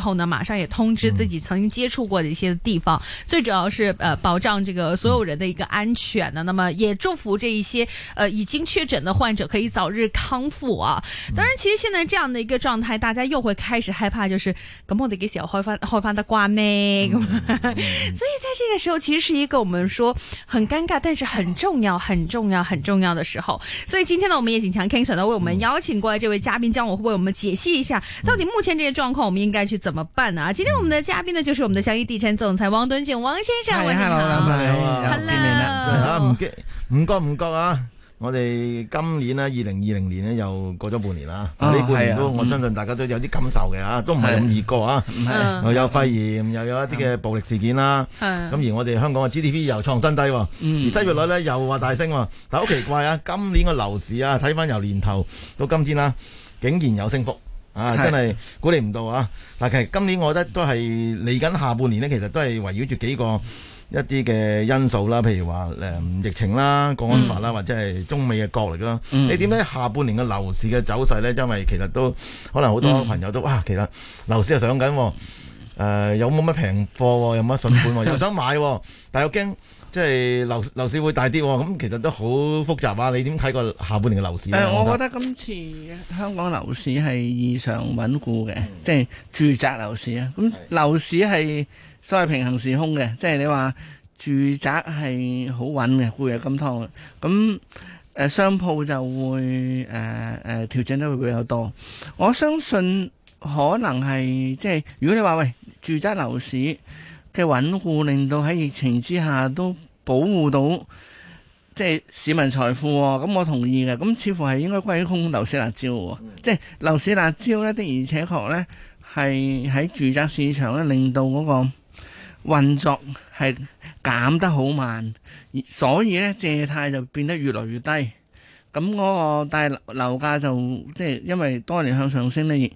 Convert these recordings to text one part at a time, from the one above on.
然後呢，馬上也通知自己曾經接觸過的一些地方，嗯、最主要是呃保障這個所有人的一個安全呢，嗯、那麼也祝福這一些呃已經確診的患者可以早日康復啊！嗯、當然，其實現在這樣的一個狀態，大家又會開始害怕，就是給莫得給小花發花發的瓜妹。嗯嗯嗯、 所以在這個時候，其實是一個我們說很尷尬，但是很重要、很重要、很重要的時候。所以今天呢，我們也請強 King Sir 呢為我們邀請過來這位嘉賓，嗯、將我會為我們解析一下、嗯、到底目前這些狀況，我們應該去怎。怎麼辦啊？今天我們的嘉賓呢，就是我們的祥益地產總裁汪敦敬王先生。係，你好，你好，你好，唔該，唔該，唔該啊！我哋今年呢，二零二零年呢，又過咗半年啦。呢、oh, 半年都、啊，我相信大家都有啲感受嘅、嗯、啊，都唔係咁易過啊，有肺炎，嗯、又有一啲嘅暴力事件啦。咁、啊、而我哋香港嘅 GDP 又創新低，嗯、而失業率呢又話大升，但好奇怪啊！ 今年個樓市啊，睇翻由年頭到今天啦，竟然有升幅。啊！真係估你唔到啊！但係今年我覺得都係嚟緊下半年呢，其實都係圍繞住幾個一啲嘅因素啦，譬如話誒、嗯、疫情啦、國安法啦，嗯、或者係中美嘅角力啦。你點睇下半年嘅樓市嘅走勢呢？因為其實都可能好多朋友都啊、嗯，其實樓市又上緊、啊，誒有冇乜平貨？有乜筍盤？又想買、啊， 但又驚。即係樓樓市會大啲，咁、哦、其實都好複雜啊！你點睇個下半年嘅樓市咧、呃？我覺得今次香港樓市係異常穩固嘅，嗯、即係住宅樓市啊！咁、嗯、樓市係所謂平行時空嘅，是即係你話住宅係好穩嘅，固若金湯嘅。咁誒、呃、商鋪就會誒誒調整得會比較多。我相信可能係即係如果你話喂住宅樓市。嘅穩固令到喺疫情之下都保護到，即係市民財富喎、哦，咁我同意嘅。咁似乎係應該歸功樓市辣招喎、哦，即係樓市辣招咧的而且確咧係喺住宅市場咧令到嗰個運作係減得好慢，所以咧借貸就變得越來越低。咁、那、嗰個大樓價就即係因為多年向上升咧，亦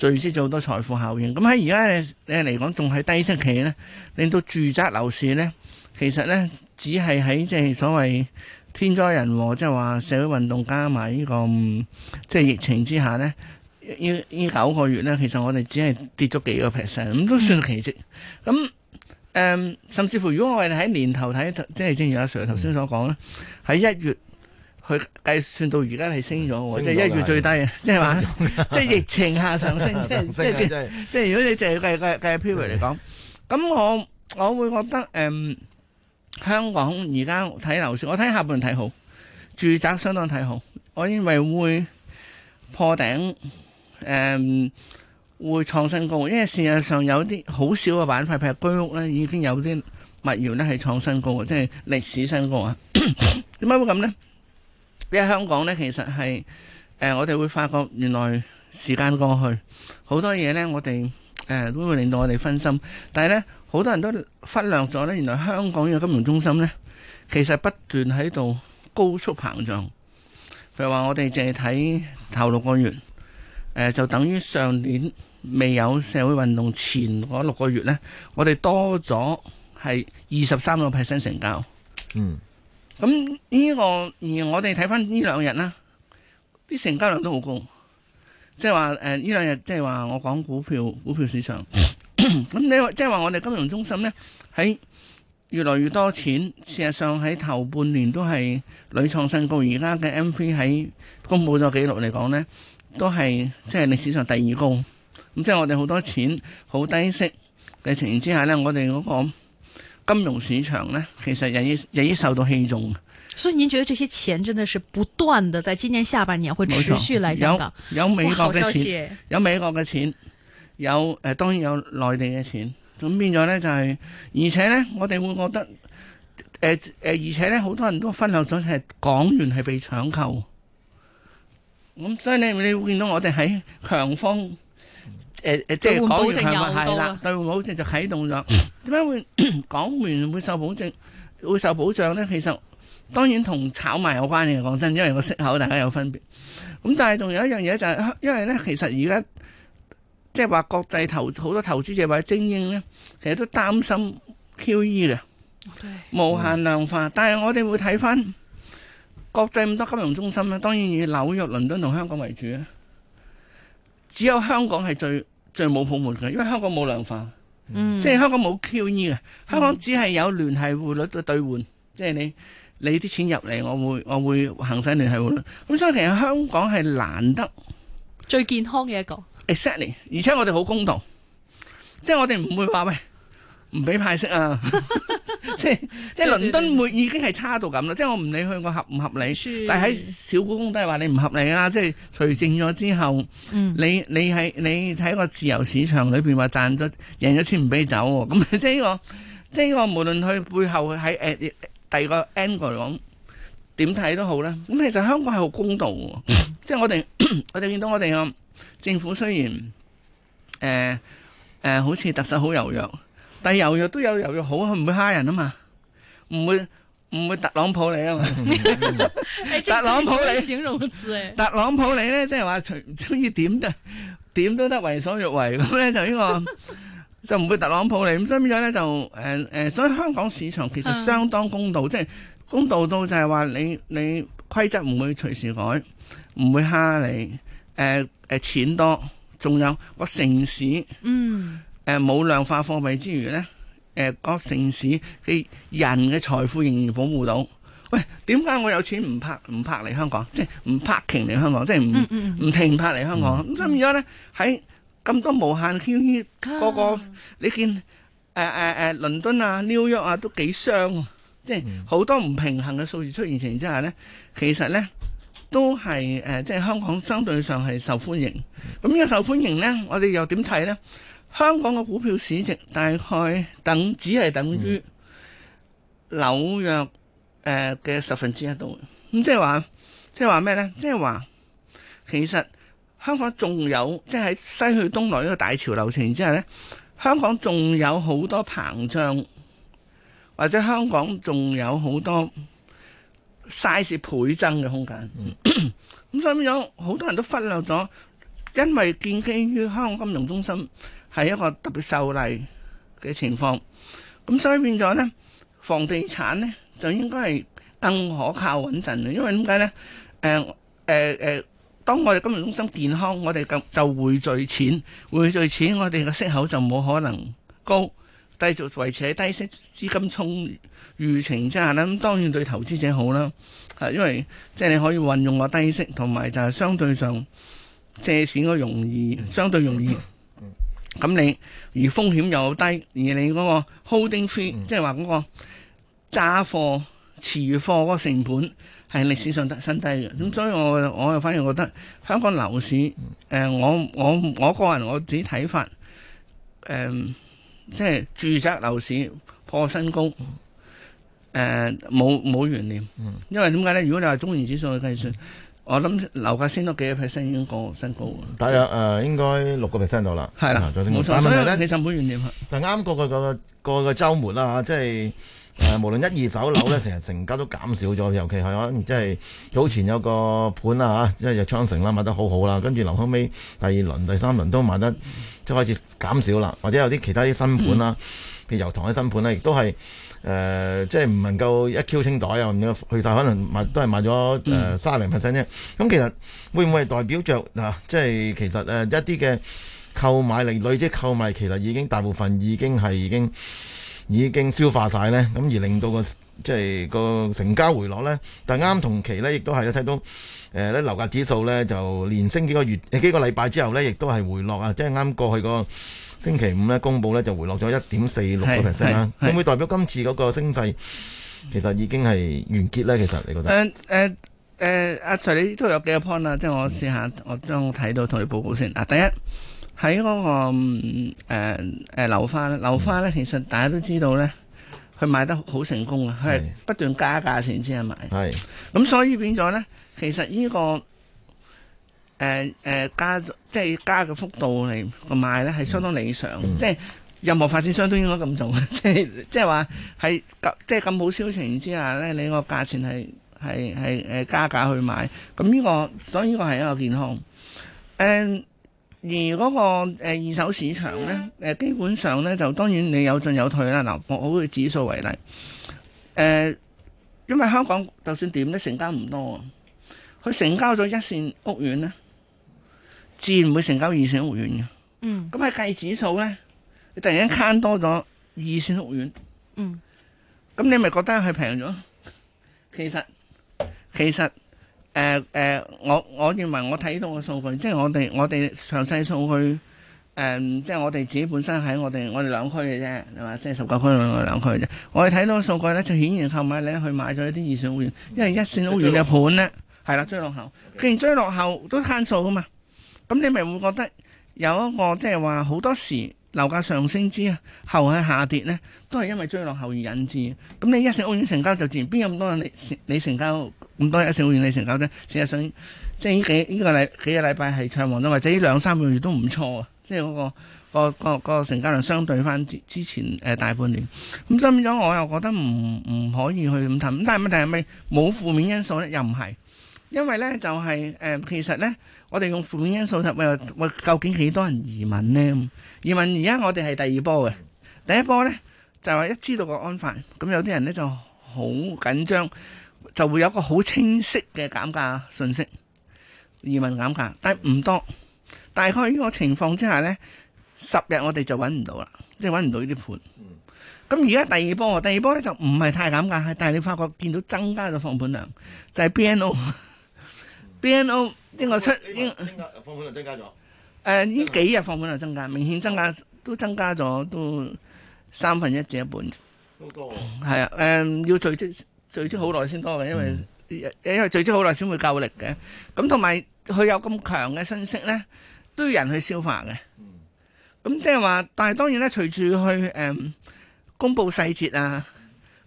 累積咗好多財富效應。咁喺而家你嚟講仲係低息期咧，令到住宅樓市咧，其實咧只係喺即係所謂天災人禍，即係話社會運動加埋呢、這個即係、嗯就是、疫情之下咧，呢九個月咧，其實我哋只係跌咗幾個 percent，咁都算奇蹟。咁誒、嗯，甚至乎如果我哋喺年頭睇，即、就、係、是、正如阿 Sir 頭先所講咧，喺、嗯、一月。佢計算到而家係升咗喎，即係一月最低，即係話即係疫情下上升，即係即係即係。如果你淨係計計計 period 嚟講，咁我我會覺得誒香港而家睇樓市，我睇下半年睇好，住宅相當睇好。我認為會破頂誒，會創新高，因為事實上有啲好少嘅板塊，譬如居屋咧，已經有啲物業咧係創新高嘅，即係歷史新高啊！點解會咁咧？香港呢，其實係誒、呃，我哋會發覺原來時間過去好多嘢呢，我哋誒、呃、都會令到我哋分心。但係呢，好多人都忽略咗呢，原來香港嘅金融中心呢，其實不斷喺度高速膨脹。譬如話，我哋淨係睇頭六個月，誒、呃、就等於上年未有社會運動前嗰六個月呢，我哋多咗係二十三個 percent 成交。嗯。咁、這、呢個而我哋睇翻，呢兩日啦，啲成交量都好高，即係話呢兩日即係話我講股票股票市場，咁 呢即係話我哋金融中心呢，喺越來越多錢，事實上喺頭半年都係屢創新高，而家嘅 m p 喺公布咗記錄嚟講呢，都係即係歷史上第二高，咁即係我哋好多錢好低息嘅情形之下呢，我哋嗰、那個。金融市場呢，其實日益日益受到器重。所以，您覺得這些錢真的是不斷地在今年下半年會持續嚟香港？有美國嘅錢，有美國嘅錢，錢，有誒、呃，當然有內地嘅錢。咁變咗呢，就係、是，而且呢，我哋會覺得，誒、呃、誒，而且呢，好多人都分享咗就係港元係被搶購。咁所以你你會見到我哋喺強方。誒、呃、誒，即係 港元強係啦，兌換保證就啟動咗。點解會港元會受保證、會受保障呢？其實當然同炒賣有關嘅。講真，因為有個息口，大家有分別。咁、嗯、但係仲有一樣嘢就係、是，因為呢，其實而家即係話國際投好多投資者或者精英呢，成日都擔心 QE 嘅、okay. 無限量化。嗯、但係我哋會睇翻國際咁多金融中心呢，當然以紐約、倫敦同香港為主啊。只有香港係最。最冇泡沫嘅，因為香港冇量化，嗯、即係香港冇 QE 嘅，香港只係有聯繫匯率嘅兌換，嗯、即係你你啲錢入嚟，我會我會行使聯繫匯率。咁所以其實香港係難得最健康嘅一個，exactly。而且我哋好公道，嗯、即係我哋唔會話喂，唔俾派息啊。 即！即係即係倫敦會已經係差到咁啦，即係我唔理佢個合唔合理， 但係喺小股東、東都係話你唔合理啊！即係除證咗之後，嗯、你你你喺個自由市場裏邊話賺咗贏咗錢唔俾走，咁即係、這、呢個即係呢個無論佢背後喺誒、呃、第二個 angle 嚟講點睇都好咧。咁其實香港係好公道喎。 即係我哋我哋見到我哋個政府雖然誒誒、呃呃、好似特首好柔弱。但係油肉都有游肉好，唔會蝦人啊嘛，唔會唔會特朗普你啊嘛， 特朗普你， 特朗普你咧，即係話隨中意點就點都得，為所欲為咁咧就呢、這個 就唔會特朗普你，咁所以咧就誒誒、呃，所以香港市場其實相當公道，即 係公道到就係話你你規則唔會隨時改，唔會蝦你，誒、呃、誒錢多，仲有個城市，嗯。誒、呃、冇量化貨幣之餘咧，誒、呃、各城市嘅人嘅財富仍然保護到。喂，點解我有錢唔拍唔拍嚟香港，即係唔拍停嚟香港，即係唔唔停拍嚟香港？咁所以而家咧喺咁多無限 QQQ，個個、啊、你見誒誒誒倫敦啊、New York 啊都幾傷、啊，即係好多唔平衡嘅數字出現情況之下咧，其實咧都係誒、呃，即係香港相對上係受歡迎。咁呢個受歡迎咧，我哋又點睇咧？香港嘅股票市值大概等，等只係等於紐約嘅、呃、十分之一度，咁即係話，即係話咩咧？即係話，其實香港仲有即喺西去東來呢個大潮流程之下咧，香港仲有好多膨脹，或者香港仲有好多晒 i 倍增嘅空間，咁、嗯 嗯、所以好多人都忽略咗，因為建基於香港金融中心。係一個特別受例嘅情況，咁所以變咗呢，房地產呢，就應該係更可靠穩陣。因為點解呢？誒誒誒，當我哋金融中心健康，我哋就就匯聚錢，匯聚錢，我哋嘅息口就冇可能高，繼續維持喺低息資金充裕情之下咧，咁當然對投資者好啦。因為即係你可以運用個低息，同埋就係相對上借錢嘅容易，相對容易。咁你而風險又好低，而你嗰個 holding fee、嗯、即係話嗰個揸貨持貨嗰個成本係歷史上得低新低嘅。咁、嗯、所以我我又反而覺得香港樓市，誒、嗯呃、我我我個人我自己睇法，誒即係住宅樓市破新高，誒冇冇懸念。嗯、因為點解咧？如果你話中原指數去計算。嗯嗯我諗樓價升咗幾多 percent 已經過新高，大約誒、呃、應該六個 percent 到啦。係啦，冇、嗯、錯。所以咧，你滲本要點啊？但啱過個個個個周末啦，即係誒，無論一二手樓咧，成日 成交都減少咗，尤其係我。即、就、係、是、早前有個盤啦吓，即係藥昌城啦，賣得好好啦，跟住留後尾，第二輪、第三輪都賣得即開始減少啦，或者有啲其他啲新盤啦，譬、嗯、如油塘嘅新盤咧，亦都係。誒、呃，即係唔能夠一 Q 清袋啊！唔去晒可能賣都係賣咗誒三零 percent 啫。咁、呃嗯、其實會唔會係代表着、啊、即係其實誒、呃、一啲嘅購買力、累積購買，其實已經大部分已經係已經已經消化晒咧。咁而令到個即係個成交回落咧。但係啱同期咧，亦都係一睇到誒咧樓價指數咧就連升幾個月、幾個禮拜之後咧，亦都係回落啊！即係啱過去個。星期五咧，公布咧就回落咗一點四六個 percent 啦。咁，會唔會代表今次嗰個升勢其實已經係完結咧？其實你覺得？誒誒誒，阿、呃啊、Sir，你都有幾個 point 啊？即係我試下、嗯，我將睇到同你報告先啊。第一，喺嗰、那個誒流、呃呃、花咧，流花咧其實大家都知道咧，佢賣得好成功啊，係不斷加價錢先係賣。係咁，所以變咗咧，其實呢、這個。誒、呃、誒加即係加嘅幅度嚟買咧，係相當理想，嗯嗯、即係任何發展商都應該咁做。即係即係話係即係咁好銷情之下咧，你個價錢係係係誒加價去買咁呢、呢個，所以呢個係一個健康。誒、呃、而嗰、嗰個、呃、二手市場咧，誒、呃、基本上咧就當然你有進有退啦。嗱，我會以指數為例，誒、呃、因為香港就算點咧，成交唔多啊，佢成交咗一線屋苑咧。自然唔會成交二線屋苑嘅。嗯，咁喺計指數咧，你突然間慳多咗二線屋苑，嗯，咁你咪覺得係平咗？其實其實誒誒，我我認為我睇到嘅數據，即係我哋我哋詳細數據誒，即係我哋自己本身喺我哋我哋兩區嘅啫，係嘛，即係十九區兩區嘅啫。我哋睇到嘅數據咧，就顯然購買力去買咗一啲二線屋苑，因為一線屋苑嘅盤咧係啦追落後，既然追落後都慳數啊嘛。咁你咪會覺得有一個即係話好多時樓價上升之後喺下跌咧，都係因為追落後而引致。咁你一成屋苑成交就自然邊有咁多你你成交咁多一成屋苑你成交啫？事實上即係呢幾呢個禮幾個禮拜係暢旺或者呢兩三個月都唔錯啊！即係、嗰、嗰個、嗰個、嗰個嗰個嗰個嗰個成交量相對翻之前誒、呃、大半年咁，咁所以咗我又覺得唔唔可以去咁諗。但係問題係咪冇負面因素咧？又唔係，因為咧就係、係、誒、呃、其實咧。我哋用負面因素，就咪話，究竟幾多人移民呢？移民而家我哋係第二波嘅，第一波呢，就話一知道個國安法，咁有啲人呢就好緊張，就會有個好清晰嘅減價信息，移民減價，但係唔多。大概呢個情況之下呢，十日我哋就揾唔到啦，即係揾唔到呢啲盤。咁而家第二波啊，第二波呢就唔係太減價，但係你發覺見到增加咗放盤量，就係、係、BNO BNO 應該出應增放盤係增加咗，誒、呃、呢幾日放盤係增加，明顯增加都增加咗都三分一至一半，好多係啊誒、呃、要聚積聚積好耐先多嘅，因為因為聚積好耐先會夠力嘅。咁同埋佢有咁強嘅信息咧，都要人去消化嘅。咁、嗯、即係話，但係當然咧，隨住去誒公佈細節啊。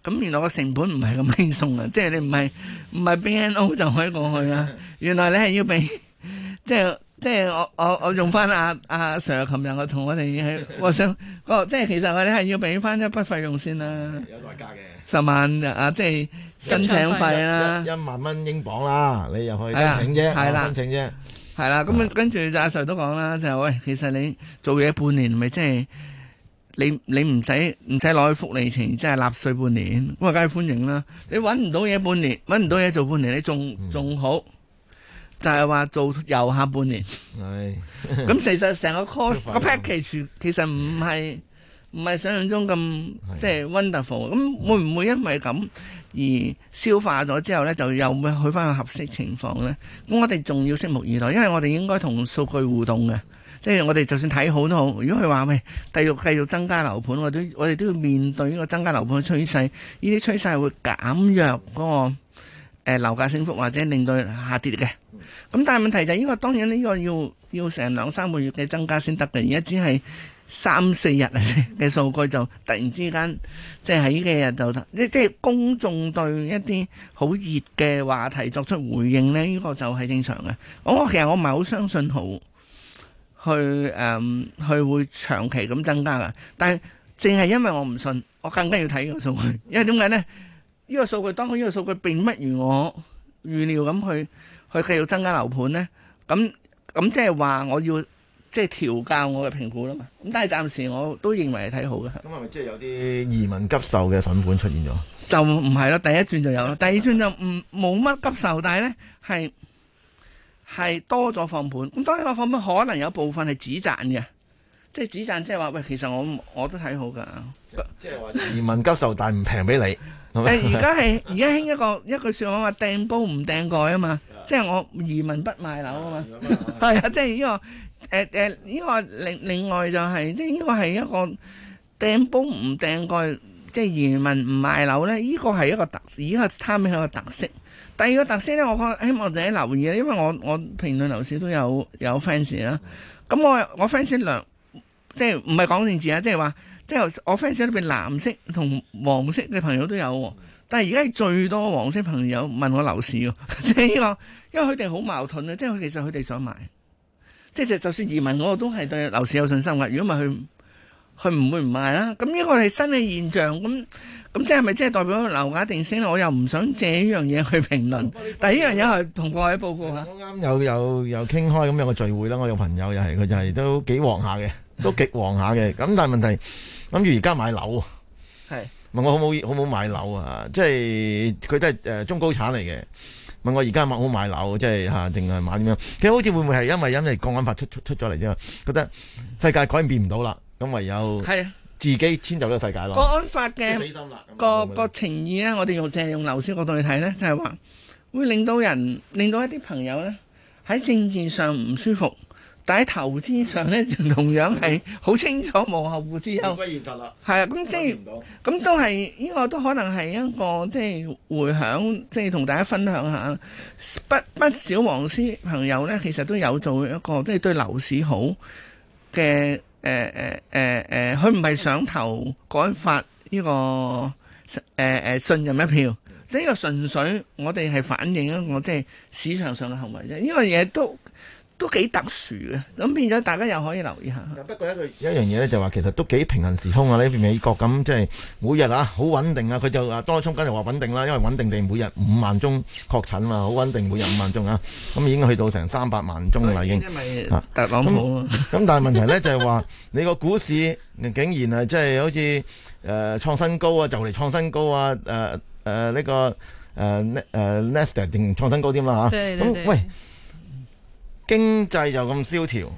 咁原來個成本唔係咁輕鬆嘅，即係你唔係唔係 BNO 就可以過去啦。 原來你係要俾，即係即係我我我用翻阿阿 Sir 琴日我同我哋喺， 我想即係其實我哋係要俾翻一筆費用先啦。有代價嘅十萬啊，即係申請費啦，一萬蚊英鎊啦，你入去申請啫，係啦，申請啫，係啦。咁跟住就阿 Sir 都講啦，就係，喂，其實你做嘢半年咪即係。你你唔使唔使攞去福利前，即係納稅半年，咁啊梗係歡迎啦！你揾唔到嘢半年，揾唔到嘢做半年，你仲仲好，嗯、就係、是、話做遊下半年。係、嗯。咁 其實成個 course 個 package 其實唔係唔係想像中咁即係 wonderful。咁會唔會因為咁而消化咗之後呢？就又會去翻個合適情況呢？咁我哋仲要拭目以待，因為我哋應該同數據互動嘅。即係我哋就算睇好都好，如果佢話喂，繼續繼續增加樓盤，我都我哋都要面對呢個增加樓盤嘅趨勢。呢啲趨勢會減弱嗰個誒樓價升幅，或者令到下跌嘅。咁但係問題就係呢個當然呢個要要成兩三個月嘅增加先得嘅，而家只係三四日嘅數據就突然之間即係喺呢幾日就得。即係即係公眾對一啲好熱嘅話題作出回應呢呢個就係正常嘅。我其實我唔係好相信好，去誒、嗯，去會長期咁增加噶。但係淨係因為我唔信，我更加要睇呢個數據。因為點解咧？呢、呢個數據當我呢個數據並不如我預料咁去去繼續增加樓盤咧，咁咁即係話我要即係、就是、調教我嘅評估啦嘛。咁但係暫時我都認為係睇好嘅。咁係咪即係有啲移民急售嘅筍盤出現咗？就唔係啦，第一轉就有啦，第二轉就唔冇乜急售，但係咧係。係多咗放盤，咁當然個放盤可能有部分係止賺嘅，即係止賺，即係話喂，其實我我都睇好㗎。即係話移民急售， 但唔平俾你。誒，而家係而家興一個一句説話話掟煲唔掟蓋啊嘛，即係我移民不賣樓啊嘛。係啊， 即係、這、呢個誒誒，依、呃這個另另外就係、是、即係呢個係一個掟煲唔掟蓋，即係移民唔賣樓咧，呢、這個係一個特，依個貪係一個特色。一個第二個特色咧，我覺希望你留意，因為我我評論樓市都有有 fans 啦。咁我我 fans 量即係唔係講政治啊，即係話即係我 fans 裏邊藍色同黃色嘅朋友都有，但係而家係最多黃色朋友問我樓市喎，即係呢、呢個，因為佢哋好矛盾啊，即係其實佢哋想買，即係就，就算移民我都係對樓市有信心㗎。如果唔係佢佢唔會唔買啦。咁呢個係新嘅現象咁。咁即係咪即係代表樓價一定升？我又唔想借呢樣嘢去評論。但係呢樣嘢係同各位報告嚇。啱啱有有有傾開咁，有個聚會啦，我有朋友又係，佢就係都幾旺下嘅，都極旺下嘅。咁 但係問題，諗住而家買樓。係問我好唔好好唔好買樓啊？即係佢都係誒中高產嚟嘅。問我而家好冇買樓？即係定係買點樣？其實好似會唔會係因為因為國安法出出出咗嚟之後，覺得世界改變唔到啦，咁唯有自己遷就咗世界咯。國安法嘅個、那個情意咧，我哋用借用樓市角度去睇咧，就係、是、話會令到人令到一啲朋友咧喺政治上唔舒服，但喺投資上咧同樣係好清楚冇 後顧之憂。唔現實啦。係啊、就是，咁即係咁都係呢、這個都可能係一個即係、就是、回響，即係同大家分享一下不不少黃絲朋友咧，其實都有做一個即係、就是、對樓市好嘅。誒誒誒誒，佢唔係想投改發呢個、呃、信任一票，即係呢個純粹我哋係反映一個即係市場上嘅行為啫，呢個嘢都。都幾特殊嘅，咁變咗大家又可以留意下。不過一個一樣嘢咧，就話其實都幾平衡時空啊！呢邊美國咁即係每日啊好穩定啊，佢就啊多衝緊就話穩定啦、啊，因為穩定地每日五萬宗確診啊嘛，好穩定每日五萬宗啊，咁已經去到成三百萬宗啦已經。特朗普咁、啊，啊啊嗯、 但係問題咧就係話你個股市竟然啊即係、就是、好似誒、呃、創新高啊，就、呃、嚟、呃這個呃呃、創新高啊誒呢個誒誒 Nester 定創新高添啦吓？咁、啊嗯、喂？對對對經濟就咁蕭條，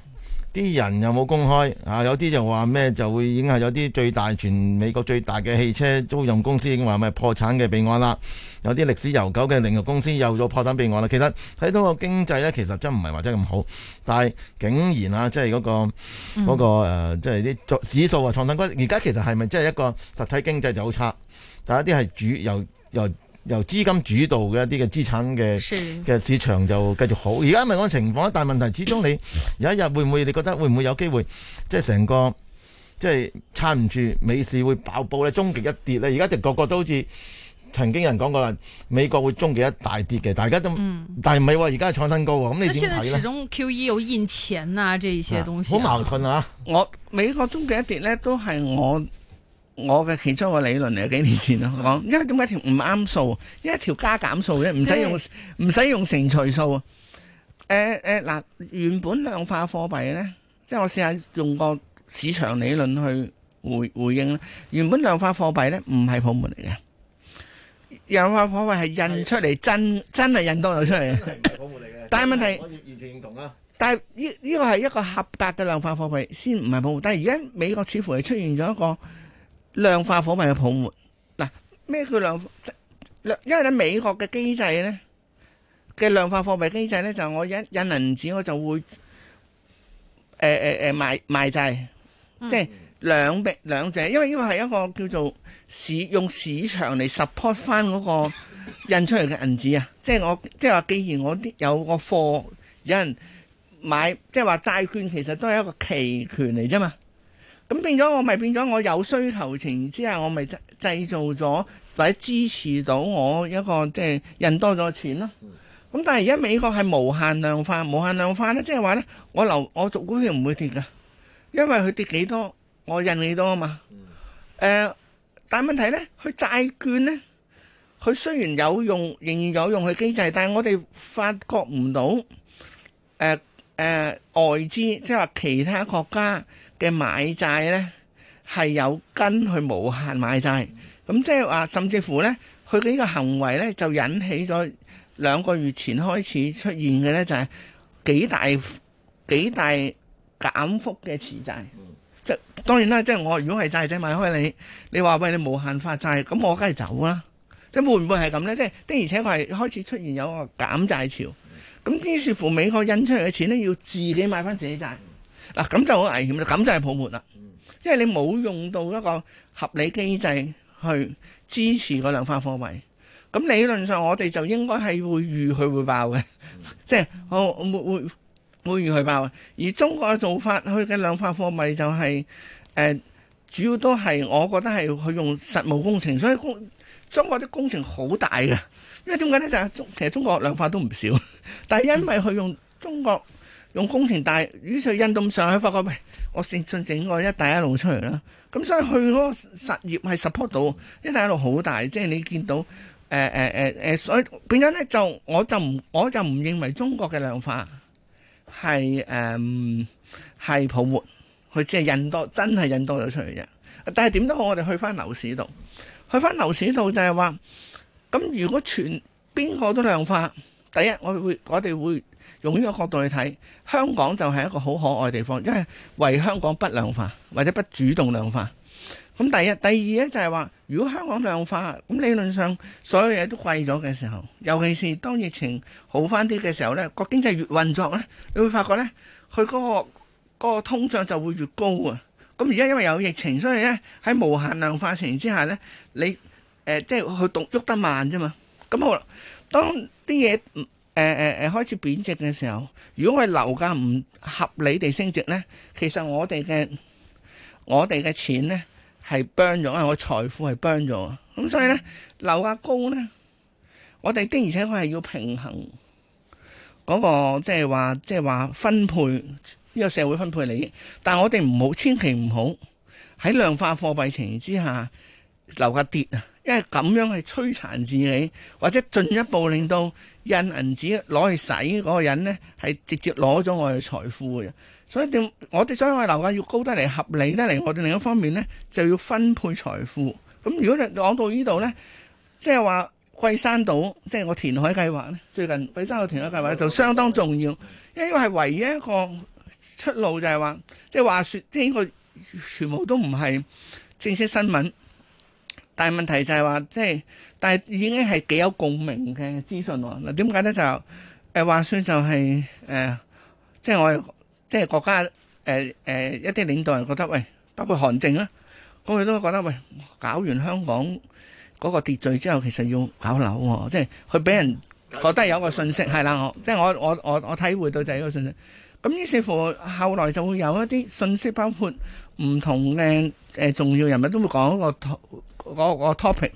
啲人又冇工開，啊有啲就話咩就會影響有啲最大，全美國最大嘅汽車租賃公司已經話咩破產嘅備案啦，有啲歷史悠久嘅零售公司又做破產備案啦。其實睇到個經濟呢，其實真唔係話真係咁好，但係竟然啊，即係嗰個嗰、嗯嗰個即係啲指數啊、創新高，而家其實係咪即係一個實體經濟就好差，但係一啲係主又又。又由資金主導嘅一啲嘅資產嘅嘅市場就繼續好，而家咪咁嘅情況咯。但係問題始終你有一日會唔會你覺得會唔會有機會即係成個即係撐唔住美市會爆煲咧，終極一跌咧？而家就個個都好似曾經有人講過啊，美國會終極一大跌嘅，大家都、嗯、但係唔係話而家係創新高喎、嗯。咁你點睇咧？始終 QE 有印錢啊，呢一些東西、啊、好矛盾啊我！我美國終極一跌咧，都係我。我嘅其中一個理論嚟，幾年前咯講，因為點解條唔啱數？因為條加減數啫，唔使用，唔使用，用乘除數。誒、呃、誒，嗱、呃，原本量化貨幣咧，即係我試下用個市場理論去回回應啦。原本量化貨幣咧，唔係泡沫嚟嘅。量化貨幣係印出嚟真真係印到度出嚟， 但係問題，完全認同啊！但係呢呢個係一個合格嘅量化貨幣先唔係泡沫，但係而家美國似乎係出現咗一個。量化貨幣嘅泡沫，嗱，咩叫量化？因為咧美國嘅機制咧嘅量化貨幣機制咧，就是、我印印銀紙我就會誒誒誒賣賣債，即係兩兩兩者。因為呢個係一個叫做市用市場嚟 support 翻嗰個印出嚟嘅銀紙啊！即、就、係、是、我即係話既然我啲有個貨有人買，即係話，債券其實都係一個期權嚟啫嘛。咁變咗，我咪變咗，我有需求情之下，我咪製製造咗或者支持到我一個即係印多咗錢咯。咁但係而家美國係無限量化，無限量化咧，即係話咧，我留我逐股票唔會跌嘅，因為佢跌幾多，我印幾多啊嘛。誒、呃，但係問題咧，佢債券咧，佢雖然有用，仍然有用佢機制，但係我哋發覺唔到誒誒外資，即係話其他國家。嘅買債咧，係有根去無限買債，咁即係話甚至乎咧，佢嘅呢個行為咧就引起咗兩個月前開始出現嘅咧就係幾大幾大減幅嘅持債，即係當然啦，即係我如果係債仔買開你，你話喂，你無限發債，咁我梗係走啦，即係會唔會係咁咧？即係的而且確係開始出現有個減債潮，咁於是乎美國印出嚟嘅錢咧要自己買翻自己債。嗱、啊、咁就好危險啦，咁就係泡沫啦，因為你冇用到一個合理機制去支持個量化貨幣。咁理論上我哋就應該係會預佢會爆嘅，即係我會會會預佢爆。而中國嘅做法，佢嘅量化貨幣就係、是呃、主要都係我覺得係佢用實務工程，所以工中國啲工程好大嘅。因為點解咧就係、是、中其實中國量化都唔少，但係因為佢用中國。用工程大於是印度上去發覺，喂，我先進整個一帶一路出嚟啦。咁所以去嗰個實業係 support 到一帶一路好大，即係你見到誒誒誒誒，所以變咗咧？就我就唔我就唔認為中國嘅量化係誒係泡沫，佢只係印多真係印多咗出嚟嘅。但係點都好，我哋去翻樓市度，去翻樓市度就係話，咁如果全邊個都量化？第一，我會我哋會用呢個角度去睇，香港就係一個好可愛嘅地方，因為為香港不量化或者不主動量化。咁第一、第二咧就係話，如果香港量化，咁理論上所有嘢都貴咗嘅時候，尤其是當疫情好翻啲嘅時候，呢個經濟越運作呢，你會發覺呢，佢嗰個嗰個通脹就會越高啊。咁而家因為有疫情，所以呢，喺無限量化情形之下呢，你即係佢動喐得慢啫嘛。咁好啦。當啲嘢誒開始貶值嘅時候，如果我係樓價唔合理地升值咧，其實我哋嘅我哋嘅錢咧係崩咗啊！我, burn 我財富係崩咗啊！咁所以咧樓價高咧，我哋的而且確係要平衡嗰、那個即係話即係話分配呢、這個社會分配利益。但我哋唔好千祈唔好喺量化貨幣情形之下樓價跌啊！即係咁樣係摧殘自己，或者進一步令到印銀紙攞去使嗰個人呢，係直接攞咗我哋財富嘅。所以我哋以我哋樓價要高得嚟合理得嚟，我哋另一方面呢，就要分配財富。咁如果你講到呢度呢，即係話桂山島，即係我填海計劃呢，最近桂山島填海計劃就相當重要，因為呢個係唯一一個出路就係話，即係話説，呢個全部都唔係正式新聞。但問題就係話，即、就、係、是、但係已經係幾有共鳴嘅資訊喎。嗱，點解咧？就誒話說就係、是、誒，即、呃、係、就是、我即係、就是、國家誒誒、呃呃、一啲領導人覺得喂，包括韓正啦、啊，咁佢都覺得喂，搞完香港嗰個秩序之後，其實要搞樓喎、啊，即係佢俾人覺得有一個信息係啦。我即係我我我我體會到就係呢個信息。咁於是乎後來就會有一啲信息，包括。唔同嘅誒重要人物都會講一個嗰個 topic，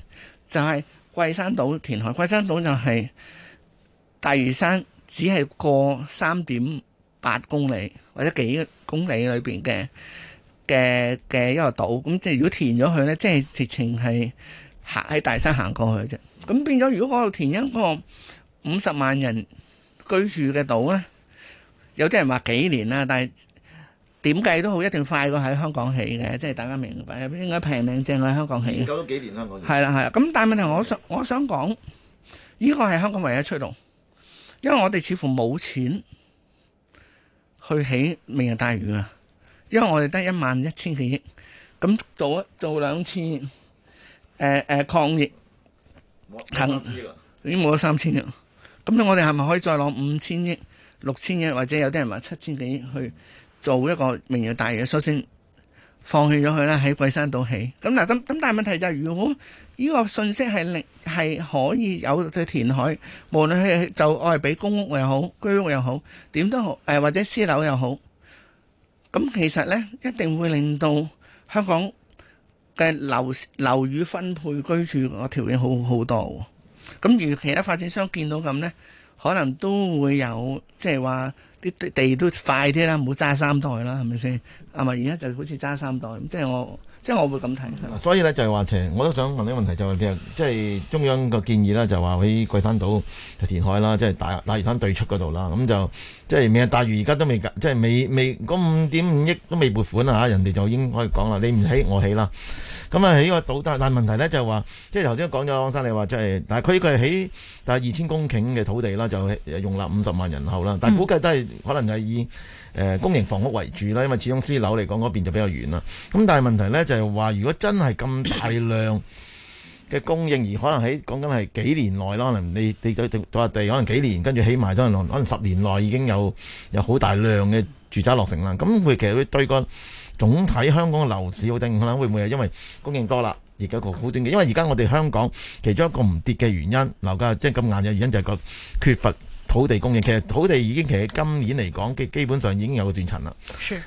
就係桂山島填海。桂山島就係大嶼山，只係過三點八公里或者幾公里裏邊嘅嘅嘅一個島。咁即係如果填咗佢咧，即係直情係行喺大山行過去啫。咁變咗，如果我填一個五十萬人居住嘅島咧，有啲人話幾年啦，但係，點計都好，一定快過喺香港起嘅，即係大家明白。應該平靚正喺香港起，搞咗幾年香港。係啦，係啦。咁但係問題我，我想我想講，呢、這個係香港唯一出路，因為我哋似乎冇錢去起明日大嶼啊。因為我哋得一萬一千幾億，咁做一做兩次，誒、呃、誒、呃、抗疫，冇冇三千億，已經冇咗三千億啦。咁我哋係咪可以再攞五千億、六千億，或者有啲人話七千幾億去？做一個名嘅大嘢，首先放棄咗佢啦，喺桂山度起。咁嗱，咁咁，但係問題就係、是，如果呢個信息係令係可以有對填海，無論係就愛俾公屋又好，居屋又好，點都好，誒、呃、或者私樓又好，咁其實呢，一定會令到香港嘅樓樓宇分配居住個條件好好多。咁如其他發展商見到咁呢。可能都會有，即係話啲地都快啲啦，唔好揸三代啦，係咪先？係咪而家就好似揸三代咁，即係我。即係我會咁睇。所以咧就係、是、話我都想問啲問題，就係即係中央個建議啦，就話、是、喺桂山島填海啦，即係大大嶼山對出嗰度啦。咁就即係未大嶼而家都未，即係未未嗰五點五億都未撥款啊嚇，人哋就已經可以講啦，你唔起我起啦。咁啊喺個島，但係問題咧就話、是，即係頭先講咗黃生你話即係，但係佢佢係起，但係二千公頃嘅土地啦，就用納五十萬人口啦，但係估計都係可能係以。誒、呃、公營房屋為主啦，因為始終私樓嚟講嗰邊就比較遠啦。咁、嗯、但係問題咧就係、是、話，如果真係咁大量嘅供應，而可能喺講緊係幾年內啦，可能你你再地可能幾年，跟住起埋都可,可能十年內已經有有好大量嘅住宅落成啦。咁會其實會對個總體香港嘅樓市好定影響，會唔會係因為供應多啦而家個好定嘅？因為而家我哋香港其中一個唔跌嘅原因，樓價即係咁硬嘅原因就係個缺乏。土地供應，其實土地已經其實今年嚟講基基本上已經有個斷層啦。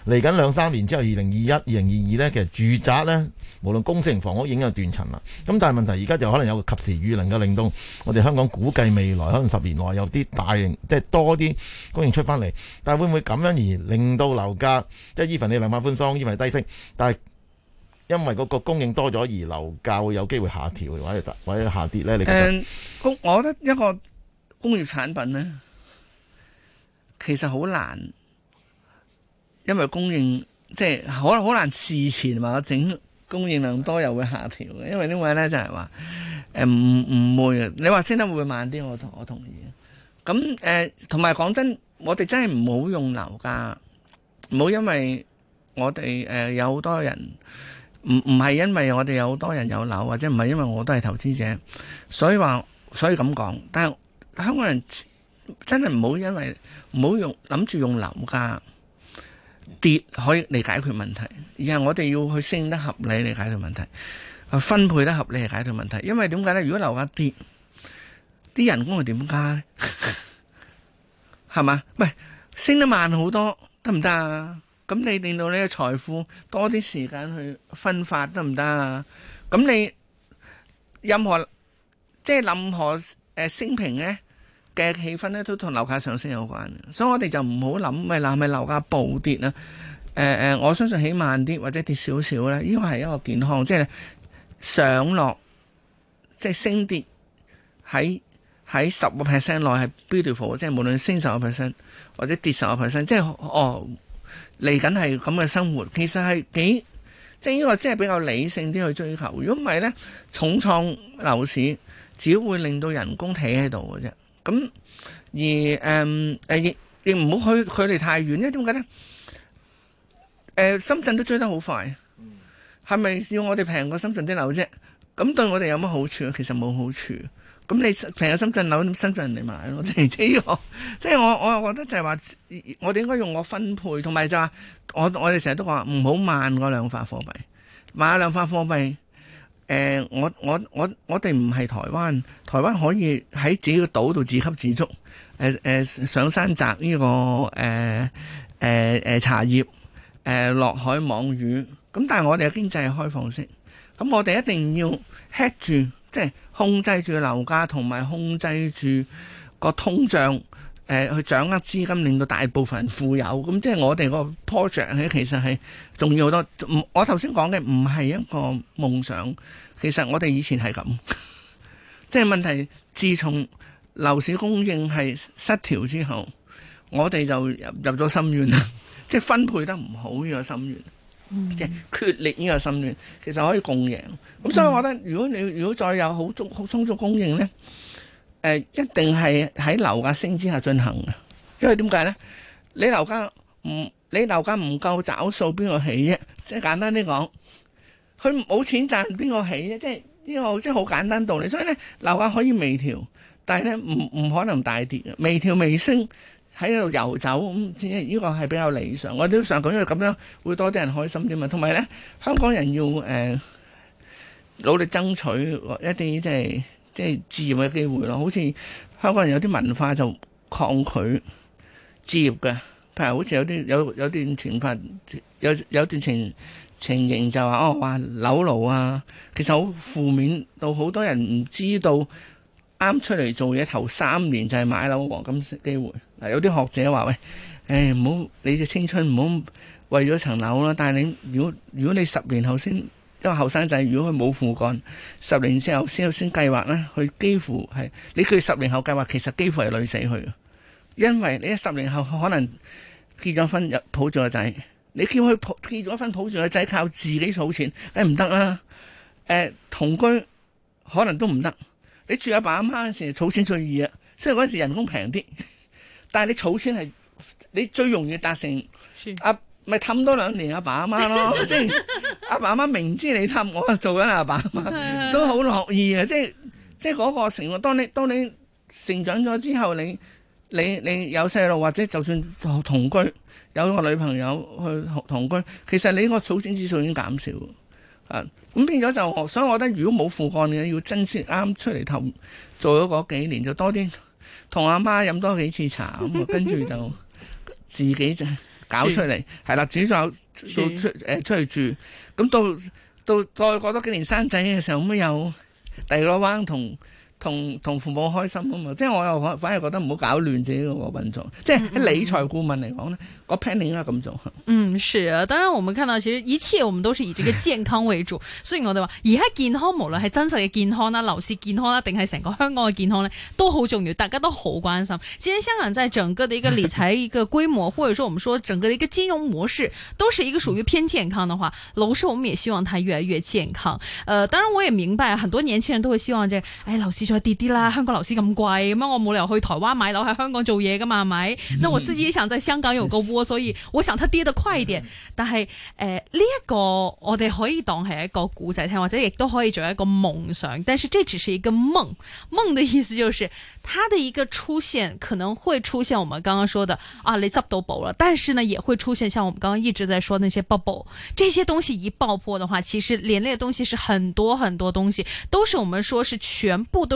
嚟緊兩三年之後，二零二一、二零二二呢，其實住宅呢，無論公營房屋已經有斷層啦。咁但係問題而家就可能有個及時雨，能夠令到我哋香港估計未來可能十年內有啲大型、嗯、即係多啲供應出翻嚟。但係會唔會咁樣而令到樓價即係依份你量化寬鬆，因為低息，但係因為個個供應多咗而樓價會有機會下調，或者下跌呢？你誒、嗯，我覺得一個。工業產品咧，其實好難，因為供應即係可能好難事前嘛整供應量多又會下調嘅。因為呢位咧就係話誒唔唔會啊，你話升得會，會慢啲，我同我同意。咁誒同埋講真，我哋真係唔好用樓價，唔好因為我哋誒、呃、有好多人，唔唔係因為我哋有好多人有樓，或者唔係因為我都係投資者，所以話所以咁講，但係。香港人真係唔好因為唔好用諗住用樓價跌可以嚟解決問題，而係我哋要去升得合理嚟解決問題，分配得合理嚟解決問題。因為點解咧？如果樓價跌，啲人工係點加咧？係 嘛？喂升得慢好多得唔得啊？咁你令到你嘅財富多啲時間去分發得唔得啊？咁你任何即係任何誒、呃、升平咧？嘅氣氛咧都同樓價上升有關，所以我哋就唔好諗，咪諗咪樓價暴跌啦。誒呃誒，我相信起慢啲或者跌少少咧，呢個係一個健康，即係上落，即係升跌喺喺十個 percent 內係 beautiful，即係無論升十個 percent 或者跌十個 percent，即係哦嚟緊係咁嘅生活，其實係幾即係呢個先係比較理性啲去追求。如果唔係咧，重創樓市只會令到人工企喺度嘅啫。咁而誒你唔好去距離太遠咧，點解咧？誒、呃，深圳都追得好快，係咪要我哋平過深圳啲樓啫？咁對我哋有乜好處？其實冇好處。咁你平過深圳樓，咁深圳人嚟買咯，即係呢個。即 係我我又覺得就係話，我哋應該用我分配，同埋就話、是、我我哋成日都講話唔好慢嗰兩塊貨幣，買兩塊貨幣。呃、我我我我哋唔係台灣，台灣可以喺自己個島度自給自足，呃、上山摘呢個呃、呃呃、茶葉、呃，落海網魚，咁但係我哋嘅經濟係開放式，咁我哋一定要吃住，即係控制住樓價同埋控制住個通脹。誒、呃，去掌握資金，令到大部分人富有，咁即係我哋個 project 咧，其實係重要好多。唔，我頭先講嘅唔係一個夢想，其實我哋以前係咁。即、就、係、是、問題是，自從樓市供應係失調之後，我哋就入咗深淵啦。即、嗯、係分配得唔好呢個深淵，即係缺裂。呢個深淵。其實可以共贏。咁所以我覺得，如果你如果再有好足好充足供應呢。誒，一定係喺樓價升之下進行嘅，因為點解咧？你樓價唔，你樓價唔夠找數，邊個起啫？即係簡單啲講，佢冇錢賺，邊個起啫？即係呢個即係好簡單道理。所以咧，樓價可以微調，但係咧唔唔可能大跌嘅。微調微升喺度游走，咁呢個係比較理想。我哋都想講，因為咁樣會多啲人開心啲嘛。同埋咧，香港人要誒、呃、努力爭取一啲即係。就是即係置業嘅機會咯，好似香港人有啲文化就抗拒置業嘅，譬如好似有啲有有段情況，有有段情有有情，情形就話哦，話樓奴啊，其實好負面到好多人唔知道，啱出嚟做嘢頭三年就係買樓黃金機會。嗱，有啲學者話喂，誒唔好你隻青春唔好為咗層樓啦，但係你如果如果你十年後先。因為後生仔如果佢冇父幹，十年之後先先計劃咧，佢幾乎係你佢十年後計劃，其實幾乎係累死佢。因為你十年後可能結咗婚，又抱住個仔，你叫佢結咗婚抱住個仔靠自己儲錢，誒唔得啦。誒、呃、同居可能都唔得。你住阿爸阿媽嗰時儲錢最易啊，雖然嗰時人工平啲，但係你儲錢係你最容易達成。咪氹多兩年阿爸阿媽咯， 即係阿爸阿媽明知你氹我，做緊阿爸阿媽都好樂意啊！即係即係嗰個成個，當你當你成長咗之後，你你你有細路，或者就算同居有個女朋友去同居，其實你個儲錢指數已經減少啊！咁變咗就，所以我覺得如果冇負幹嘅，你要珍惜啱出嚟氹做咗嗰幾年，就多啲同阿媽飲多喝幾次茶咁啊，跟住就 自己就。搞出嚟，係啦，主要仲有到出誒出去住，咁到到，到再過多幾年生仔嘅時候，咁有第二個灣同。同同父母開心啊嘛，即係我又反反而覺得唔好搞亂自己個運作。即係喺理財顧問嚟講呢，嗯，那個 plan 應該咁做。嗯，是啊。當然我們看到，其實一切，我們都是以這個健康為主。雖 然我哋話而家健康，無論係真實嘅健康啦、樓市健康啦，定係成個香港嘅健康咧，都好重要，大家都好關心。既然香港在整個的一個理財一個規模， 或者說我們說整個的一個金融模式，都是一個屬於偏健康的話，樓市我們也希望它越來越健康。呃，當然我也明白，很多年輕人都會希望這，即、哎、係，老細。就跌啲啦，香港樓市咁貴，咁我冇理由去台灣買樓喺香港做嘢噶嘛，係咪？那我自己也想在香港有個窩，所以我想它跌得快一點。嗯、但係誒呢一個我哋可以當係一個古仔聽，或者亦都可以做一個夢想。但是這只是一個夢，夢的意思就是它的一個出現可能會出現我們剛剛說的啊，你執到寶啦。但是呢也會出現像我們剛剛一直在說那些 bubble，這些東西一爆破的話，其實連累的東西是很多很多東西，都是我們說是全部都。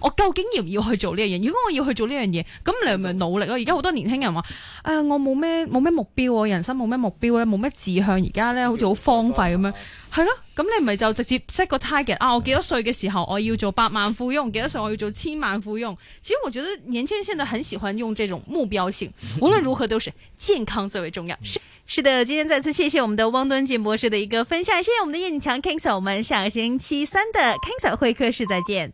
我究竟要唔要去做呢樣嘢？如果我要去做呢樣嘢，咁你咪努力咯。而家好多年輕人話：誒、呃，我冇咩冇咩目標，人生冇咩目標咧，冇咩志向。而家咧好似好荒廢咁樣，係、嗯、咯。咁你咪就直接 set 個 target 啊？我幾多歲嘅時候我要做百萬富翁？幾多歲我要做千萬富翁？其實我覺得年輕人現在很喜歡用這種目標性。無論如何，都是健康最為重要。是是的，今天再次謝謝我們的汪敦敬博士的一個分享，謝謝我們的葉景強 King Sir 我們下星期三的 King Sir 會客室再見。